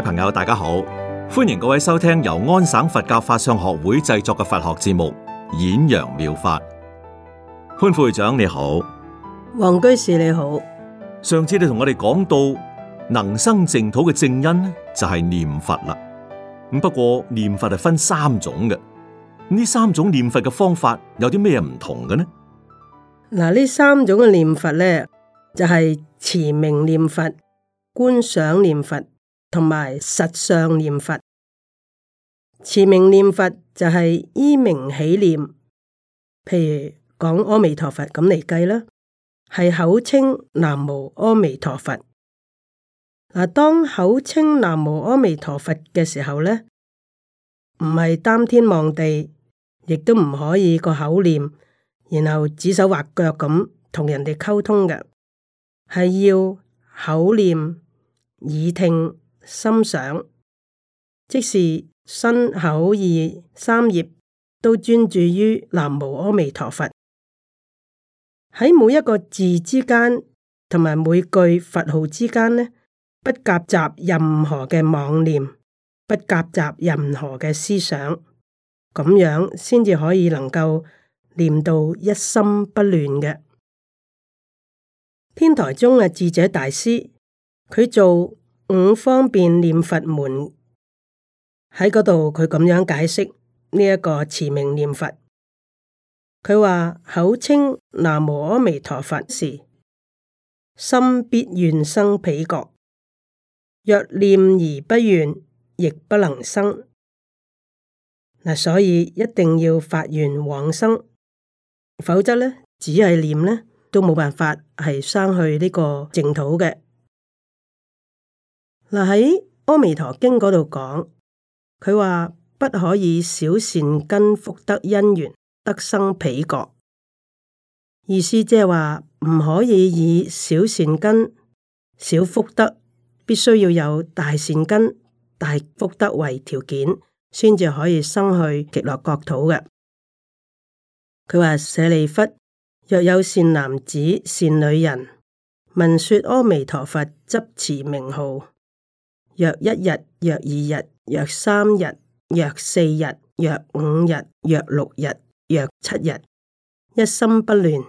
朋友，大家好，歡迎各位收聽由安省佛教法相學會製作嘅佛學節目《演揚妙，妙法》。潘副會長你好，黃居士你好。上次你同我哋講到能生淨土嘅正因就係念佛啦。咁不過念佛係分三種嘅，呢三種念佛嘅方法有啲咩唔同嘅呢？嗱，呢三種嘅念佛咧，就係持名念佛、觀想念佛。同埋實相念佛。持名念佛就係依名起念，譬如講阿彌陀佛咁嚟，計啦，係口稱南無阿彌陀佛。嗱，當口稱南無阿彌陀佛嘅時候咧，唔係擔天望地，亦都唔可以個口念，然後指手畫腳咁同人哋溝通嘅，係要口念耳聽，心想，即是身口意三業都專注於南無阿彌陀佛。喺每一個字之間，同埋每句佛號之間呢，不夾雜任何嘅妄念，不夾雜任何嘅思想，咁樣先至可以能夠念到一心不亂嘅。天台宗嘅智者大師，佢做。五方便念佛門喺嗰度，佢咁樣解釋呢一個持名念佛。佢話，口稱南無阿彌陀佛時，心必願生彼國。若念而不願，亦不能生。嗱，所以一定要發願往生，否則咧，只係念咧，都冇辦法係生去呢個淨土嘅。嗱，喺《阿彌陀經》嗰度講，佢話不可以小善根福德因緣得生彼國。意思即係話唔可以以小善根、小福德，必須要有大善根、大福德為條件，先至可以生去極樂國土嘅。佢話舍利弗，若有善男子、善女人，聞說阿彌陀佛執持名號。若一日，若二日，若三日，若四日，若五日，若六日，若七日，一心不亂。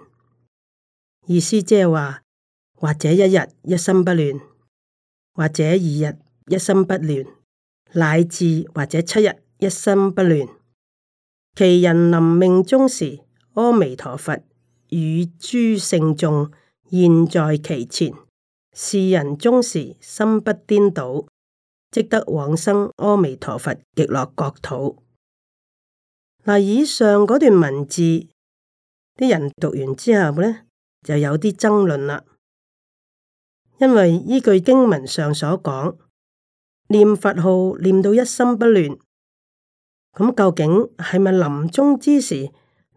意思即係話，或者一日一心不亂，或者二日一心不亂，乃至或者七日一心不亂。其人臨命終時，阿彌陀佛與諸聖眾現在其前。是人終時心不顛倒。即得往生阿彌陀佛極樂國土。嗱，以上嗰段文字，啲人讀完之後呢，就有啲爭論啦。因為依據經文上所講，念佛號念到一心不亂，咁究竟係咪臨終之時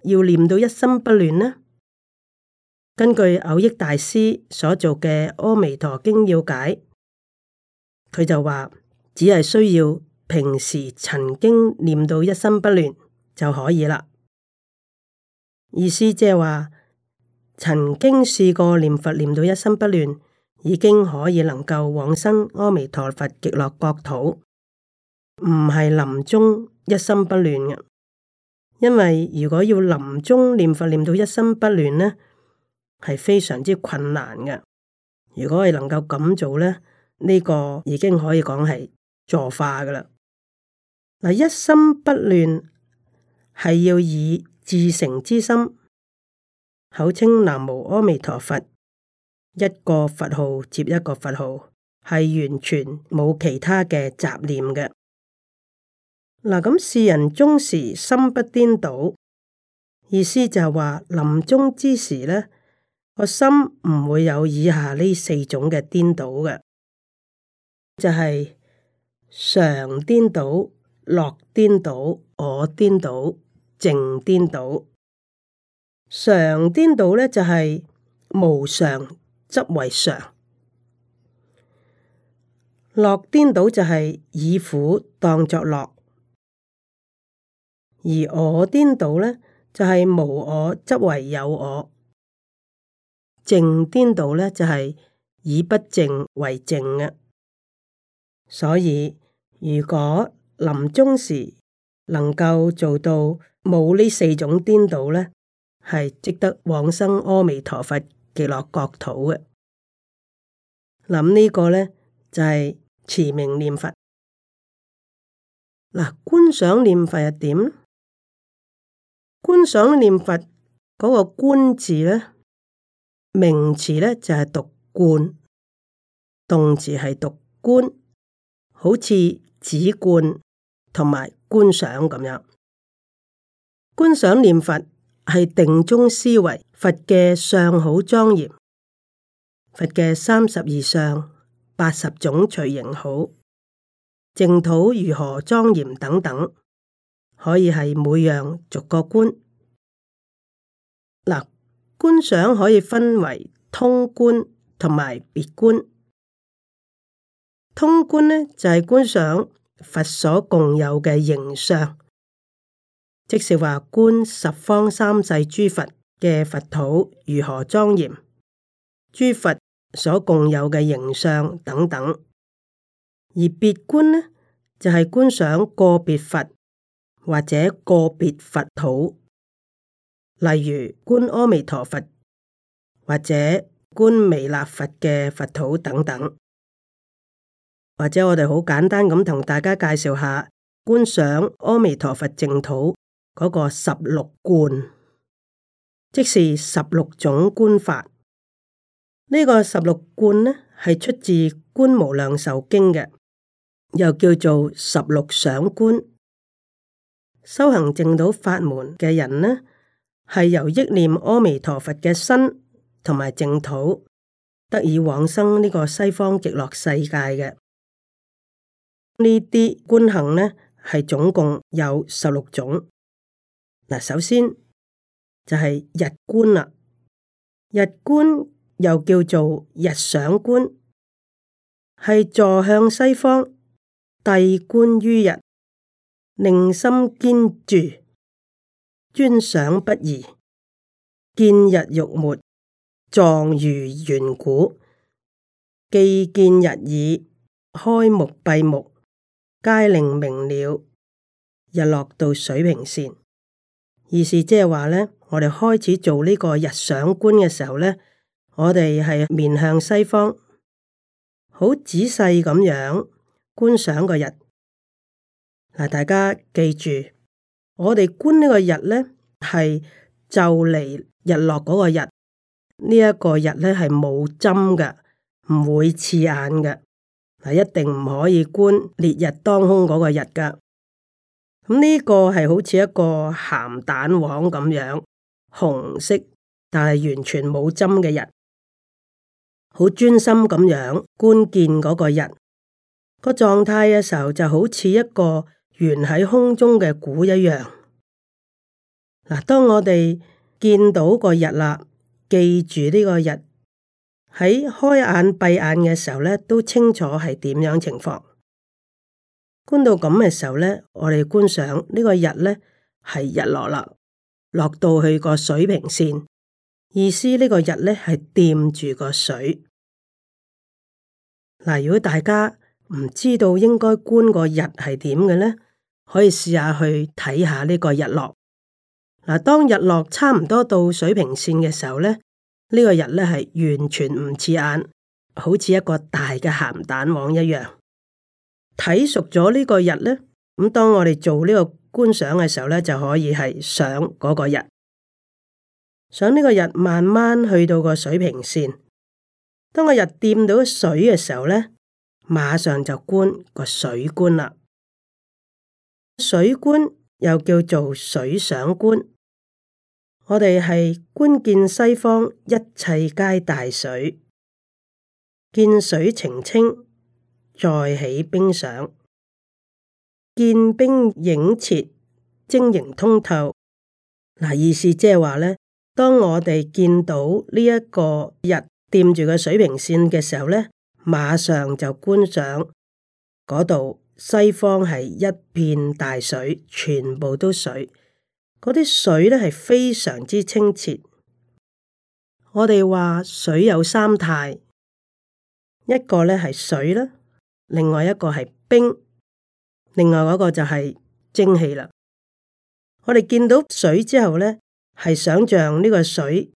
要念到一心不亂呢？根據蕅益大師所做嘅《阿彌陀經》要解，佢就話。只係需要平時曾經念到一心不亂就可以喇。意思即係話，曾經試過念佛念到一心不亂，已經可以能夠往生阿彌陀佛極樂國土。唔係臨終一心不亂嘅，因為如果要臨終念佛念到一心不亂呢係非常之困難嘅。如果係能夠咁做呢，呢個已經可以講係。坐化嘅啦，嗱，一心不亂係要以至誠之心口稱南無阿彌陀佛，一個佛號接一個佛號，係完全冇其他嘅雜念嘅。嗱咁，是人終時心不顛倒，意思就係話臨終之時咧，個心唔會有以下呢四種嘅顛倒嘅，就係，是。常顛倒，樂顛倒，我顛倒，淨顛倒。常顛倒咧就係無常則為常；樂顛倒就係以苦當作樂；而我顛倒咧就係無我則為有我；淨顛倒咧就係以不淨為淨嘅。所以。如果臨終時能夠做到冇呢四種顛倒呢，係值得往生阿彌陀佛極樂國土嘅。諗呢個呢就係、是、持名念佛。嗱、啊，觀想念佛又點？觀想念佛嗰個觀字呢，名詞呢就係、是、讀觀，動詞係讀觀，好似。止觀同埋觀想咁樣，觀想念佛係定中思維佛嘅相好莊嚴，佛嘅三十二相、八十種隨形好，淨土如何莊嚴等等，可以係每樣逐個觀。嗱，觀想可以分為通觀同埋別觀。通觀呢就係、是、觀想佛所共有嘅形相，即是話觀十方三世諸佛嘅佛土如何莊嚴，諸佛所共有嘅形相等等。而別觀呢就係、是、觀想個別佛或者個別佛土，例如觀阿彌陀佛或者觀彌勒佛嘅佛土等等。或者我哋好簡單咁同大家介紹下觀想阿彌陀佛淨土嗰個十六觀，即是十六種觀法。呢、這個十六觀呢係出自觀無量壽經嘅，又叫做十六想觀。修行淨土法門嘅人呢，係由憶念阿彌陀佛嘅身同埋淨土，得以往生呢個西方極樂世界嘅。呢啲觀行呢，係總共有十六種。嗱，首先就係、是、日觀啦，日觀又叫做日想觀，係坐向西方，諦觀於日，令心堅住，專想不移，見日欲沒，狀如圓鼓，既見日已，開目閉目。皆靈明了，日落到水平線，意思即係話呢，我哋開始做呢個日想觀嘅時候呢，我哋係面向西方，好仔細咁樣觀想個日。嗱，大家記住，我哋觀呢個日呢，係就嚟日落嗰個日，呢、這、一個日呢，係冇針嘅，唔會刺眼嘅。係一定唔可以觀烈日當空嗰個日㗎，咁、這、呢個係好似一個鹹蛋黃咁樣紅色，但係完全冇針嘅日，好專心咁樣觀見嗰個日、那個狀態嘅時候，就好似一個懸喺空中嘅鼓一樣。嗱，當我哋見到個日啦，記住呢個日。喺開眼閉眼嘅時候咧，都清楚係點樣情況。觀到咁嘅時候咧，我哋觀想呢個日咧，係日落啦，落到去個水平線，意思呢個日咧，係掂住個水。嗱，如果大家唔知道應該觀個日係點嘅咧，可以試下去睇下呢個日落。嗱，當日落差唔多到水平線嘅時候咧，呢個日咧係完全唔刺眼，好似一個大嘅鹹蛋黃一樣。睇熟咗呢個日呢，咁當我哋做呢個觀想嘅時候咧，就可以係想嗰個日，想呢個日慢慢去到個水平線。當個日掂到水嘅時候呢，馬上就觀個水觀啦。水觀又叫做水想觀。我哋係觀見西方一切皆大水，見水澄清，再起冰上，見冰影切，晶瑩通透。嗱，意思即係話咧，當我哋見到呢一個日掂住個水平線嘅時候咧，馬上就觀賞嗰度西方係一片大水，全部都水。嗰啲水咧係非常之清澈。我哋話水有三態，一個咧係水啦，另外一個係冰，另外嗰個就係蒸汽啦。我哋見到水之後咧，係想象呢個水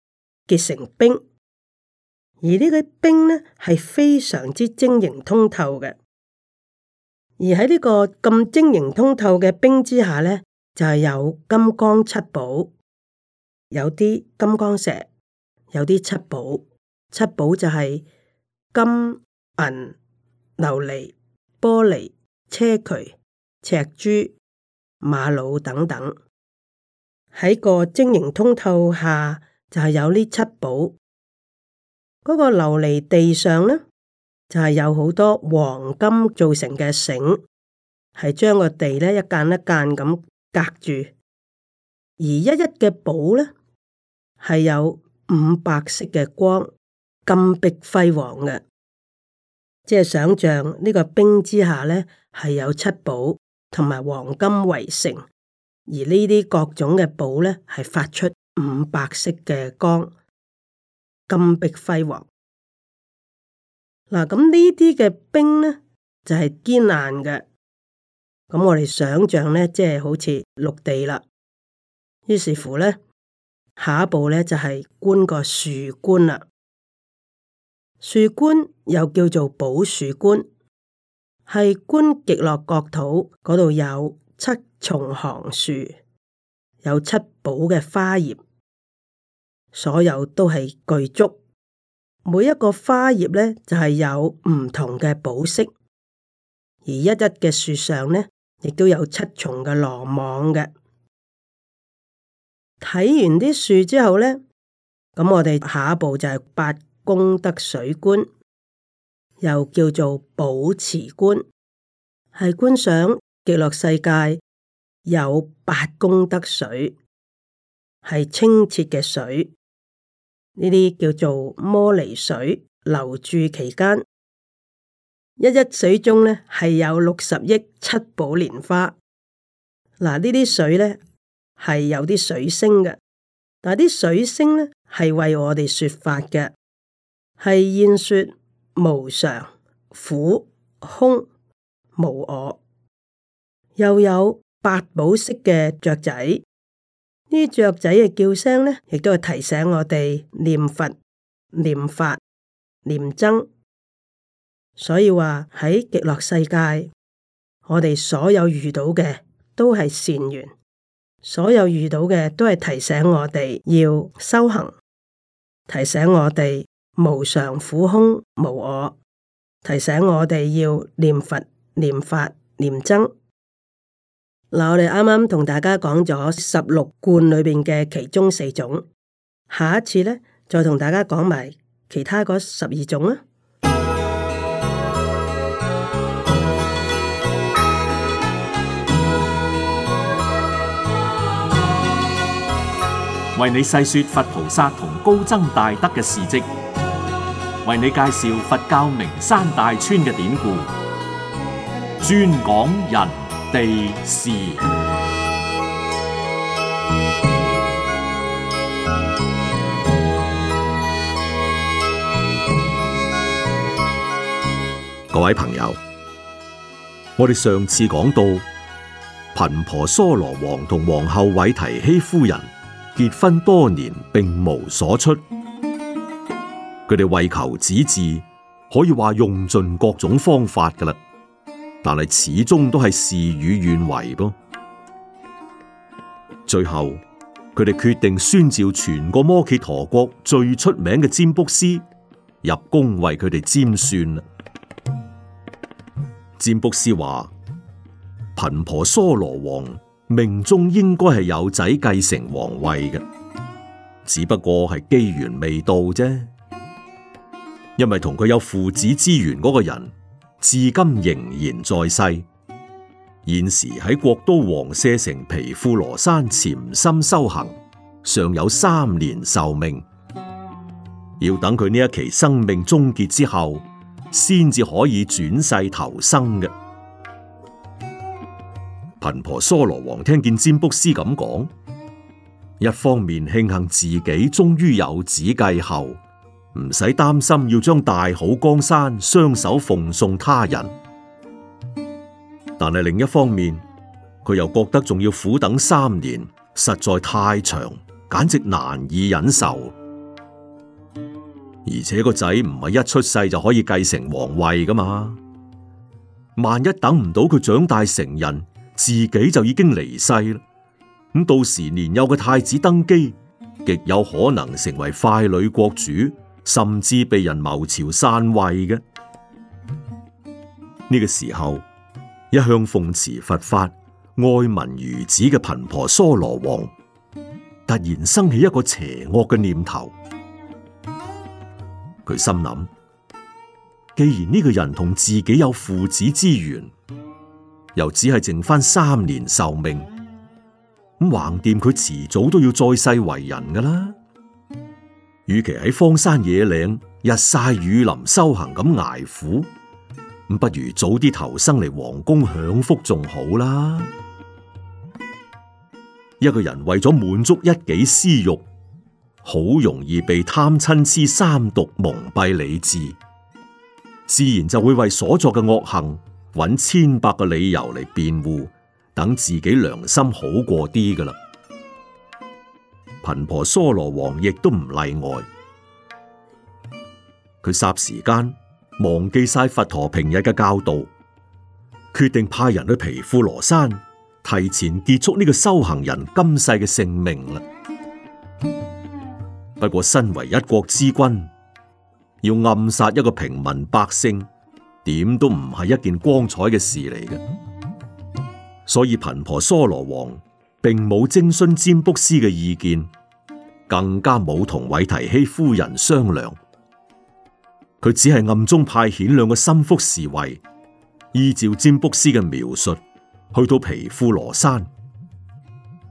結成冰，而呢個冰咧係非常之晶瑩通透嘅。而喺呢個咁晶瑩通透嘅冰之下咧。就係有金剛七寶，有啲金剛石，有啲七寶。七寶就係金、銀、琉璃、玻璃、車渠、赤珠、瑪瑙等等。喺個晶瑩通透下，就係、是、有呢七寶。嗰、那個琉璃地上咧，就係、是、有好多黃金做成嘅繩，係將個地咧一間一間咁。隔住，而一一嘅寶呢，係有五百色嘅光，金碧輝煌嘅。即係想象呢個冰之下呢，係有七寶同埋黃金圍成，而呢啲各種嘅寶呢，係發出五百色嘅光，金碧輝煌。嗱、啊，咁呢啲嘅冰呢，就係堅硬嘅。咁我哋想象呢，即係好似陸地啦。於是乎呢，下一步呢，就係、是、觀個樹觀啦。樹觀又叫做寶樹觀，係觀極樂國土嗰度有七重行樹，有七寶嘅花葉，所有都係具足。每一個花葉呢，就係、是、有唔同嘅寶色，而一一嘅樹上呢。亦都有七重嘅羅網嘅。睇完啲樹之後咧，咁我哋下一步就係八功德水觀，又叫做寶池觀，係觀想極樂世界有八功德水，係清澈嘅水，呢啲叫做摩尼水，留住期間。一一水中呢係有六十億七寶蓮花，嗱呢啲水呢係有啲水聲嘅，但啲水聲呢係為我哋說法嘅，係演說無常、苦、空、無我，又有八寶色嘅雀仔，呢啲雀仔嘅叫聲呢，亦都係提醒我哋念佛、念法、念僧。所以話喺極樂世界，我哋所有遇到嘅都係善緣，所有遇到嘅都係提醒我哋要修行，提醒我哋無常苦空無我，提醒我哋要念佛、念法、念僧。嗱，我哋啱啱同大家講咗十六觀裏邊嘅其中四種，下一次咧，再同大家講埋其他嗰十二種啦。為你細說佛菩薩同高僧大德嘅事跡，為你介紹佛教名山大川嘅典故，專講人地事。各位朋友，我哋上次講到，頻婆娑羅王同皇后韋提希夫人。結婚多年，並無所出，佢哋為求子嗣，可以話用盡各種方法噶啦，但係始終都係事與願違噃。最後，佢哋決定宣召全個摩揭陀國最出名嘅占卜師入宮為佢哋占算。占卜師話：頻婆娑羅王。命中應該係有仔繼承皇位嘅，只不過係機緣未到啫。因為同佢有父子之緣嗰個人，至今仍然在世。現時喺國都王舍城毗富羅山潛心修行，尚有三年壽命，要等佢呢一期生命終結之後，先至可以轉世投生嘅。頻婆娑羅王聽見占卜師咁講，一方面慶幸自己終於有子繼後，唔使擔心要將大好江山雙手奉送他人；但係另一方面，佢又覺得仲要苦等三年，實在太長，簡直難以忍受。而且個仔唔係一出世就可以繼承皇位噶嘛，萬一等唔到佢長大成人，自己就已經離世啦，咁到時年幼嘅太子登基，極有可能成為傀儡國主，甚至被人謀朝篡位嘅。呢個時候，一向奉持佛法、愛民如子嘅頻婆娑羅王，突然生起一個邪惡嘅念頭。佢心諗，既然呢個人同自己有父子之緣。又只係剩翻三年壽命，咁橫掂佢遲早都要再世為人噶啦。與其喺荒山野嶺日曬雨淋修行咁捱苦，咁不如早啲投生嚟皇宮享福仲好啦。一個人為咗滿足一己私欲，好容易被貪嗔痴三毒蒙蔽理智，自然就會為所作嘅惡行，搵千百個理由嚟辯護，等自己良心好過啲㗎喇。頻婆娑羅王亦都唔例外，佢霎時間忘記晒佛陀平日嘅教導，決定派人去毗富羅山，提前結束呢個修行人今世嘅性命啦。不過身為一國之君，要暗殺一個平民百姓。點都唔係一件光彩嘅事嚟嘅，所以頻婆娑羅王並冇徵詢占卜師嘅意見，更加冇同韋提希夫人商量，佢只係暗中派遣兩個心腹侍衛，依照占卜師嘅描述，去到毘富羅山，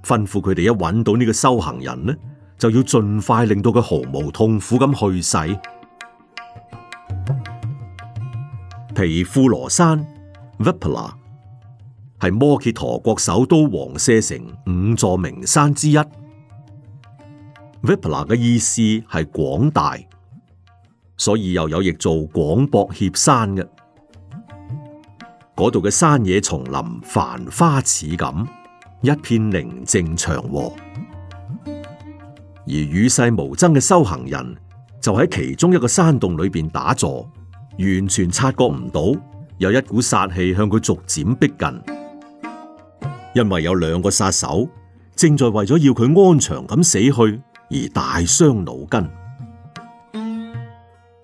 吩咐佢哋一搵到呢個修行人呢，就要盡快令到佢毫無痛苦咁去世。皮富羅山 （Vipula） 係摩羯陀國首都王舍城五座名山之一。Vipula 嘅意思係廣大，所以又有譯做廣博協山嘅。嗰度嘅山野叢林繁花似錦，一片寧靜祥和。而與世無爭嘅修行人就喺其中一個山洞裏邊打坐。完全察覺唔到有一股殺氣向佢逐漸逼近，因為有兩個殺手正在為咗要佢安詳咁死去而大傷腦筋。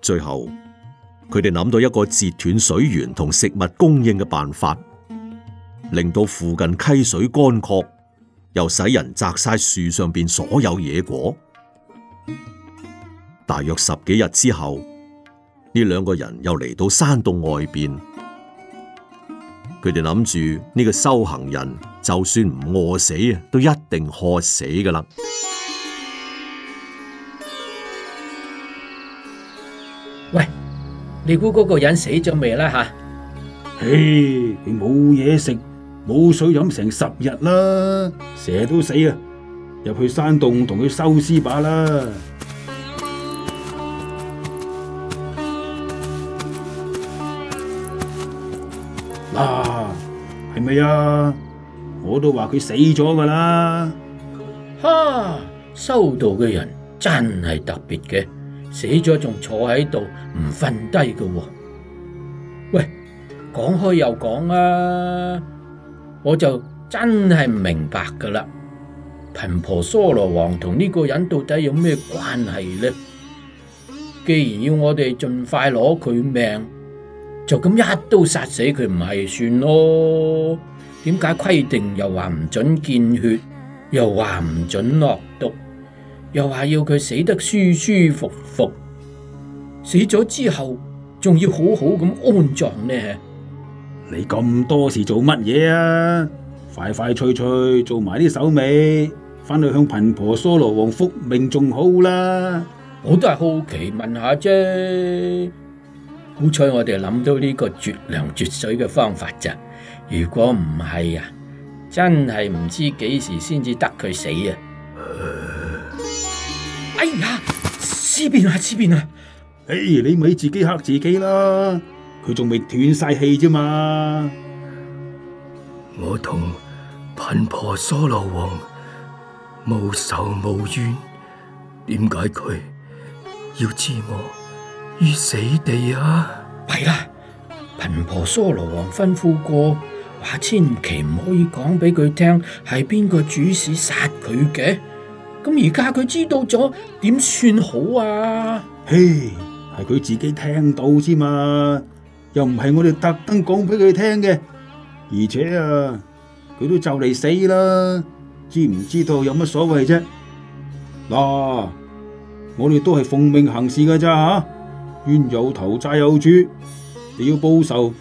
最後，佢哋諗到一個截斷水源同食物供應嘅辦法，令到附近溪水乾涸，又使人摘晒樹上邊所有野果。大約十幾日之後。呢兩個人又嚟到山洞外邊，佢哋諗住呢個修行人就算唔餓死啊，都一定渴死噶啦喂，你估嗰個人死咗未啦？吓，嘿，佢冇嘢食，冇水飲成十日啦，成日都死啊，入去山洞同佢收屍把啦。未啊！我都話佢死咗噶啦，哈！修道嘅人真係特別嘅，死咗仲坐喺度唔瞓低嘅。喂，講開又講啊，我就真係唔明白噶啦，頻婆娑羅王同呢個人到底有咩關係呢？既然要我哋盡快攞佢命，就咁一刀殺死佢唔係算咯？點解規定又話唔准見血，又話唔准落毒，又話要佢死得舒舒服服，死咗之後仲要好好咁安葬呢？你咁多事做乜嘢啊？快快脆脆做埋啲手尾，翻去向頻婆娑羅王復命仲好啦。我都係好奇問下啫。好彩我哋諗到呢個絕糧絕水嘅方法咋？如果唔係啊，真係唔知幾時先至得佢死啊！呃、哎呀，屍變啊，屍變啊！哎，你咪自己吓自己啦，佢仲未斷晒氣啫嘛！我同頻婆娑羅王無仇無怨，點解佢要知我於死地啊！弊啦！頻婆娑羅王吩咐過，話千祈唔可以講俾佢聽係邊個主使殺佢嘅。咁而家佢知道咗，點算好啊？嘿，係佢自己聽到添嘛，又唔係我哋特登講俾佢聽嘅。而且啊，佢都就嚟死啦，知唔知道有乜所謂啫？嗱，我哋都係奉命行事噶咋吓。冤有頭債有主，你要報仇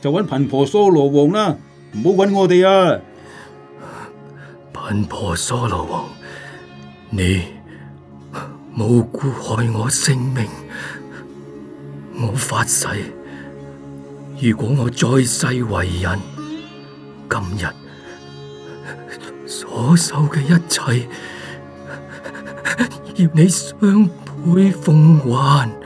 就揾頻婆娑羅王啦，唔好揾我哋啊！頻婆娑羅王，你無故害我性命，我發誓，如果我再世為人，今日所受嘅一切，要你雙倍奉還。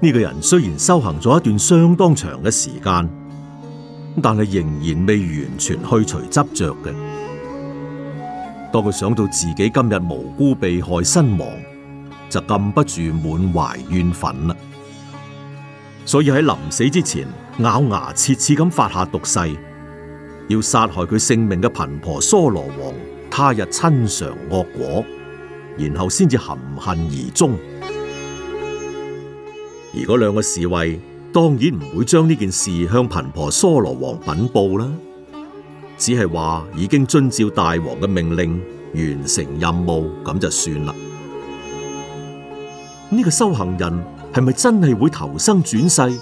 呢個人雖然修行咗一段相當長嘅時間，但係仍然未完全去除執着嘅。當佢想到自己今日無辜被害身亡，就禁不住滿懷怨憤啦。所以喺臨死之前，咬牙切齒咁發下毒誓，要殺害佢性命嘅頻婆娑羅王，他日親嘗惡果，然後先至含恨而終。而嗰兩個侍衛當然唔會將呢件事向頻婆娑羅王稟報啦，只係話已經遵照大王嘅命令完成任務咁就算啦。呢、這個修行人係咪真係會投生轉世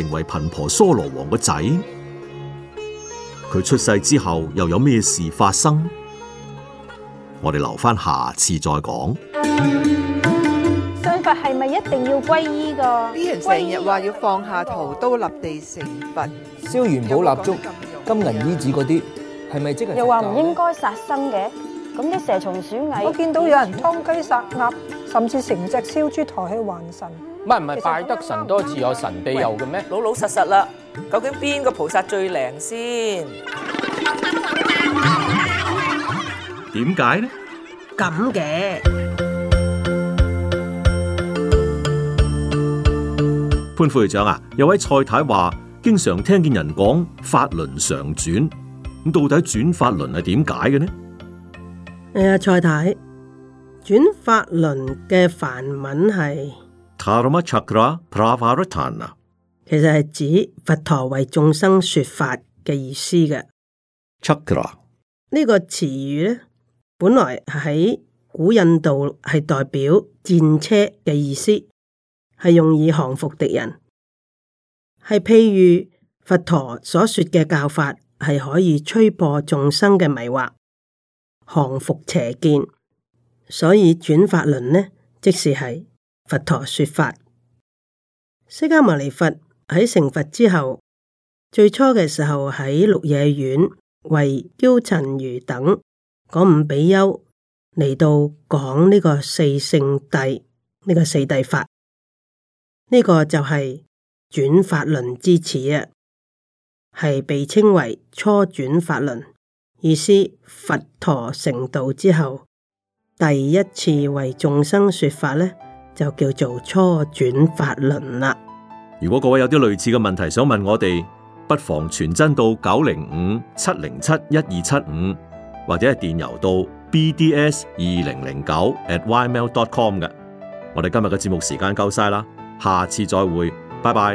成為頻婆娑羅王嘅仔？佢出世之後又有咩事發生？我哋留翻下，下次再講。佛係咪一定要皈依噶？啲人成日話要放下屠刀立地成佛，燒元寶蠟燭、金銀衣紙嗰啲，係咪即係？又話唔應該殺生嘅，咁啲蛇蟲鼠蟻，我見到有人劏雞殺鴨，甚至成隻燒豬抬去還神。唔係唔係，拜得神多自有神庇佑嘅咩？老老實實啦，究竟邊個菩薩最靈先？點解呢？咁嘅。潘副處長啊，有位蔡太話，經常聽見人講法輪常轉，咁到底轉法輪係點解嘅呢？哎呀、呃，蔡太，轉法輪嘅梵文係，Pravartana，其實係指佛陀為眾生說法嘅意思嘅。呢 Chakra，個詞語咧，本來喺古印度係代表戰車嘅意思。係用以降服敵人，係譬喻佛陀所說嘅教法，係可以摧破眾生嘅迷惑，降服邪見。所以轉法輪呢，即是係佛陀說法。釋迦牟尼佛喺成佛之後，最初嘅時候喺鹿野苑為憍陳如等講五比丘嚟到講呢個四聖諦，呢個四諦法。呢個就係轉法輪之始啊，係被稱為初轉法輪，意思佛陀成道之後第一次為眾生說法咧，就叫做初轉法輪啦。如果各位有啲類似嘅問題想問我哋，不妨傳真到九零五七零七一二七五，75，或者係電郵到 bds 二零零九 at ymail.com 嘅。我哋今日嘅節目時間夠晒啦。下次再會，拜拜。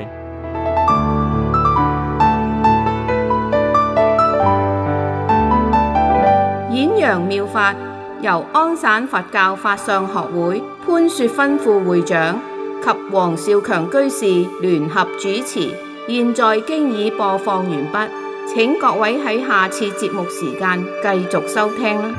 演揚妙法由安省佛教法相學會潘雪芬副會長及黃少強居士聯合主持，現在已經已播放完畢，請各位喺下次節目時間繼續收聽。